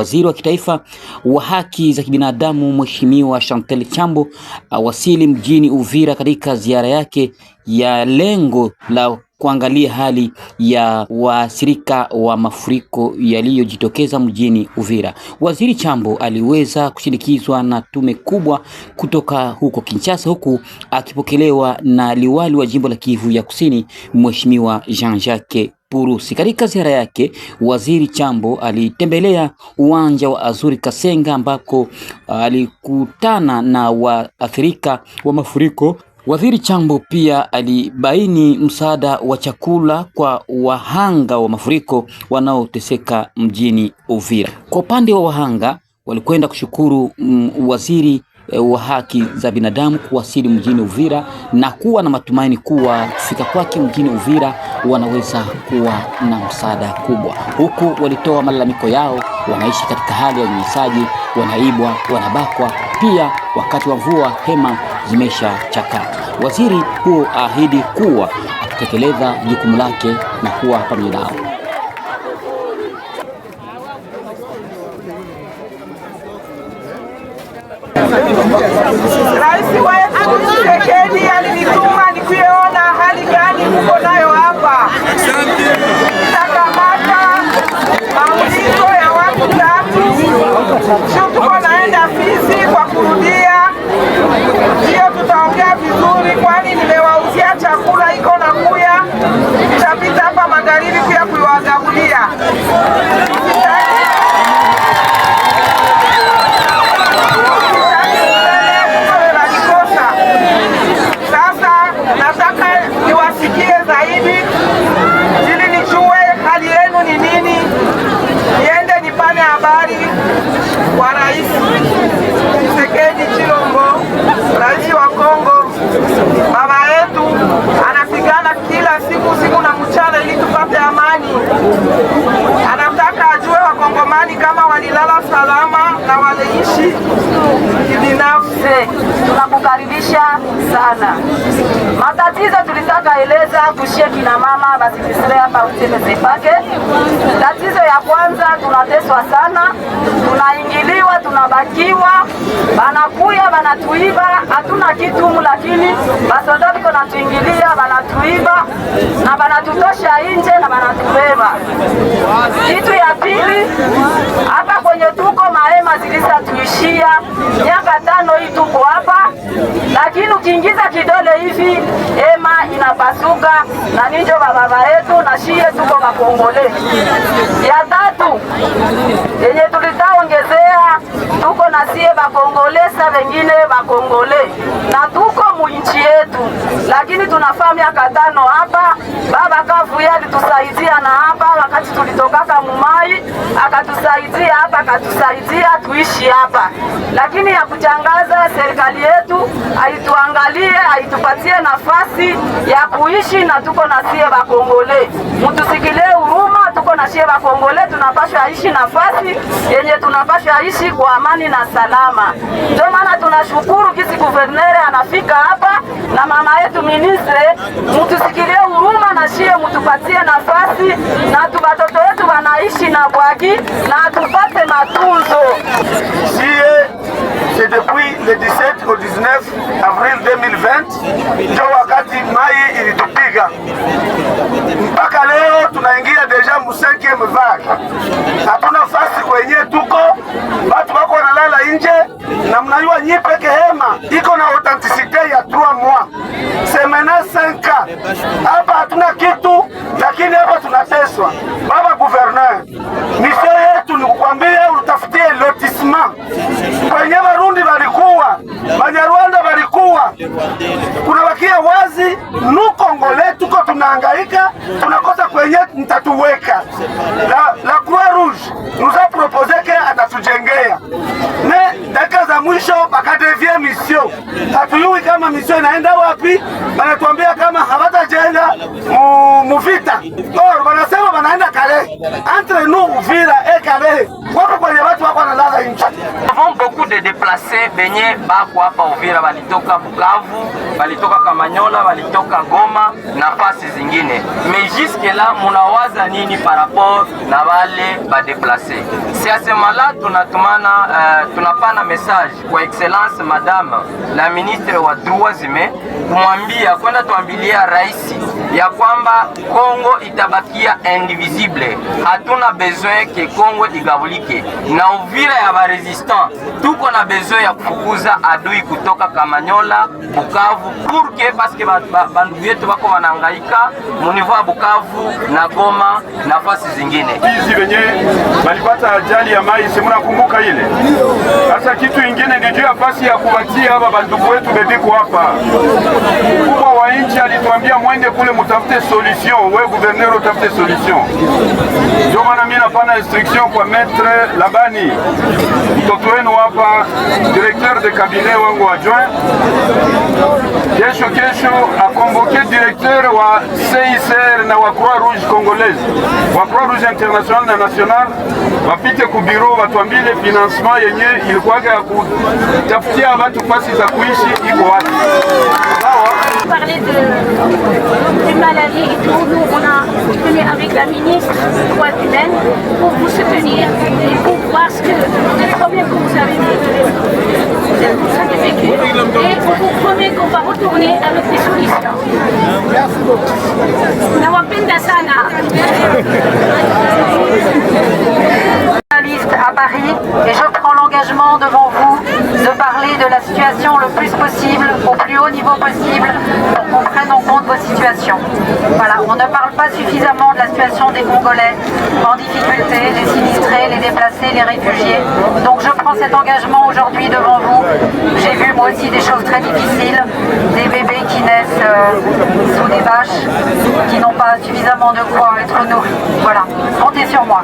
Waziri wa kitaifa wa haki za kibinadamu Mheshimiwa Chantal Chambo awasili mjini Uvira katika ziara yake ya lengo la kuangalia hali ya waathirika wa mafuriko yaliyojitokeza mjini Uvira. Waziri Chambo aliweza kushindikizwa na tume kubwa kutoka huko Kinshasa, huku akipokelewa na liwali wa jimbo la Kivu ya Kusini Mheshimiwa Jean-Jacques Purusi. Katika ziara yake, Waziri Chambo alitembelea uwanja wa Azuri Kasenga ambako uh, alikutana na waathirika wa mafuriko. Waziri Chambo pia alibaini msaada wa chakula kwa wahanga wa mafuriko wanaoteseka mjini Uvira. Kwa upande wa wahanga, walikwenda kushukuru mm, waziri eh, wa haki za binadamu kuwasili mjini Uvira na kuwa na matumaini kuwa kufika kwake mjini Uvira wanaweza kuwa na msaada kubwa. Huku walitoa malalamiko yao, wanaishi katika hali ya unyanyasaji, wanaibwa, wanabakwa. Pia wakati wa mvua hema zimeshachakaa. Waziri huo aahidi kuwa atatekeleza jukumu lake na kuwa pamoja nao. Rais wa Tshisekedi alinituma nikuyeona hali gani huko nayo takamata maulizo ya watu tatu. Sio tuko naenda Fizi kwa kurudia, hiyo tutaongea vizuri, kwani nimewauzia chakula iko na kuya, tutapita hapa magharibi kuya kuiwagabulia zaidi anataka ajue Wakongomani kama walilala salama na waliishi binafsi tunakukaribisha sana. Matatizo tulitaka eleza kushie kina mama basifisire hapa Tatizo ya kwanza, tunateswa sana, tunaingiliwa, tunabakiwa, banakuya banatuiba, hatuna kitumu, lakini basoda biko natuingilia, banatuiba na banatutosha nje na banatubeba. Kitu ya pili hapa kwenye tuko kama tuishia miaka tano hii tuko hapa, lakini ukiingiza kidole hivi ema inapasuka, na ninjo bababa yetu na shie tuko Makongole. Ya tatu yenye tulitaongezea tuko na siye bakongole sa vengine bakongole na tuko muinchi yetu, lakini tunafaa miaka tano hapa. Baba Kavuya alitusaidia na hapa wakati tulitokaka muma akatusaidia hapa, akatusaidia tuishi hapa, lakini ya kuchangaza, serikali yetu haituangalie, haitupatie nafasi ya kuishi, na tuko na sie Bakongole, mtusikilie huruma, tuko na sie Bakongole, tunapashwa ishi nafasi yenye tunapashwa ishi kwa amani na salama. Ndio maana tunashukuru kisi guvernere anafika hapa na mama yetu ministre, mtusikilie huruma na shie, mtupatie nafasi na tubatoto wanaishi na bwagi na tupate matunzo. Sie c'est depuis le 17 au 19 avril 2020 ndio wakati mai ilitupiga mpaka leo tunaingia deja musenkieme vague, hatuna fasi kwenye tuko batu bako wanalala nje na mnayua nyi peke hema iko na authenticite ya 3 mois semena 5 ans hatuna kitu, lakini hapa tunateswa. Baba guverner, misio yetu ni kukwambia utafutie lotisma kwenye Barundi balikuwa Banyarwanda balikuwa kunabakia wazi nukongo letu tuko tunahangaika, tunakosa kwenye mtatuweka la, la Croix Rouge proposé que atatujengea ne dakika za mwisho bakadevie misio, hatuyui kama misio inaenda wapi, banatuambia entre nous, vira et carré. de deplase benye ouvrir hapa Uvira, balitoka Bukavu, balitoka Kamanyola, balitoka Goma na fasi zingine. la munawaza nini rapport na euh, tunapana message kwa excellence madame la ministre wa droits humains kumwambia ya kwamba Congo itabakia indivisible, hatuna besoin ke Kongo igabulike na Uvira ya Tout tuko na besoin ya kufukuza adui kutoka Kamanyola, Bukavu purke paske bandugu yetu bako wanahangaika munivo ya Bukavu na Goma nafasi zingine. Hizi venye balipata ajali ya mai simunakumbuka ile. Sasa kitu ingine ndio nafasi ya kuwatia hapa bandugu wetu bebiko hapa wa nchi alituambia mwende kule mutafute solution, we gouverneur utafute solution. Ndio maana mimi napana instruction kwa maître Labani, mtoto wenu hapa, directeur de cabinet wangu adjoint, kesho kesho akonvoke directeur wa CICR na wa Croix Rouge congolaise, wa Croix Rouge international na national, wapite ku bureau watuambile financement yenye ilikuwaga ya kutafutia watu fasi za kuishi iko wapi parler de, des maladies et tout, nous on a venu avec la ministre des pour vous soutenir et pour voir ce que les problèmes que vous avez, vous avez vécu et on vous promet qu'on va retourner avec des solutions. Merci beaucoup. Nawapenda Journaliste à Paris et je prends l'engagement devant vous de parler de la situation le plus possible, au plus haut niveau possible, pour qu'on prenne en compte vos situations. Voilà, on ne parle pas suffisamment de la situation des Congolais en difficulté, les sinistrés, les déplacés, les réfugiés. Donc je prends cet engagement aujourd'hui devant vous. J'ai vu moi aussi des choses très difficiles, des bébés qui naissent euh, sous des vaches, qui n'ont pas suffisamment de quoi être nourris. Voilà, comptez sur moi.